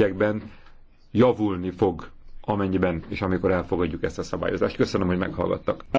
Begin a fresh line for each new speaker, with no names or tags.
ügyekben javulni fog, amennyiben és amikor elfogadjuk ezt a szabályozást. Köszönöm, hogy meghallgattak.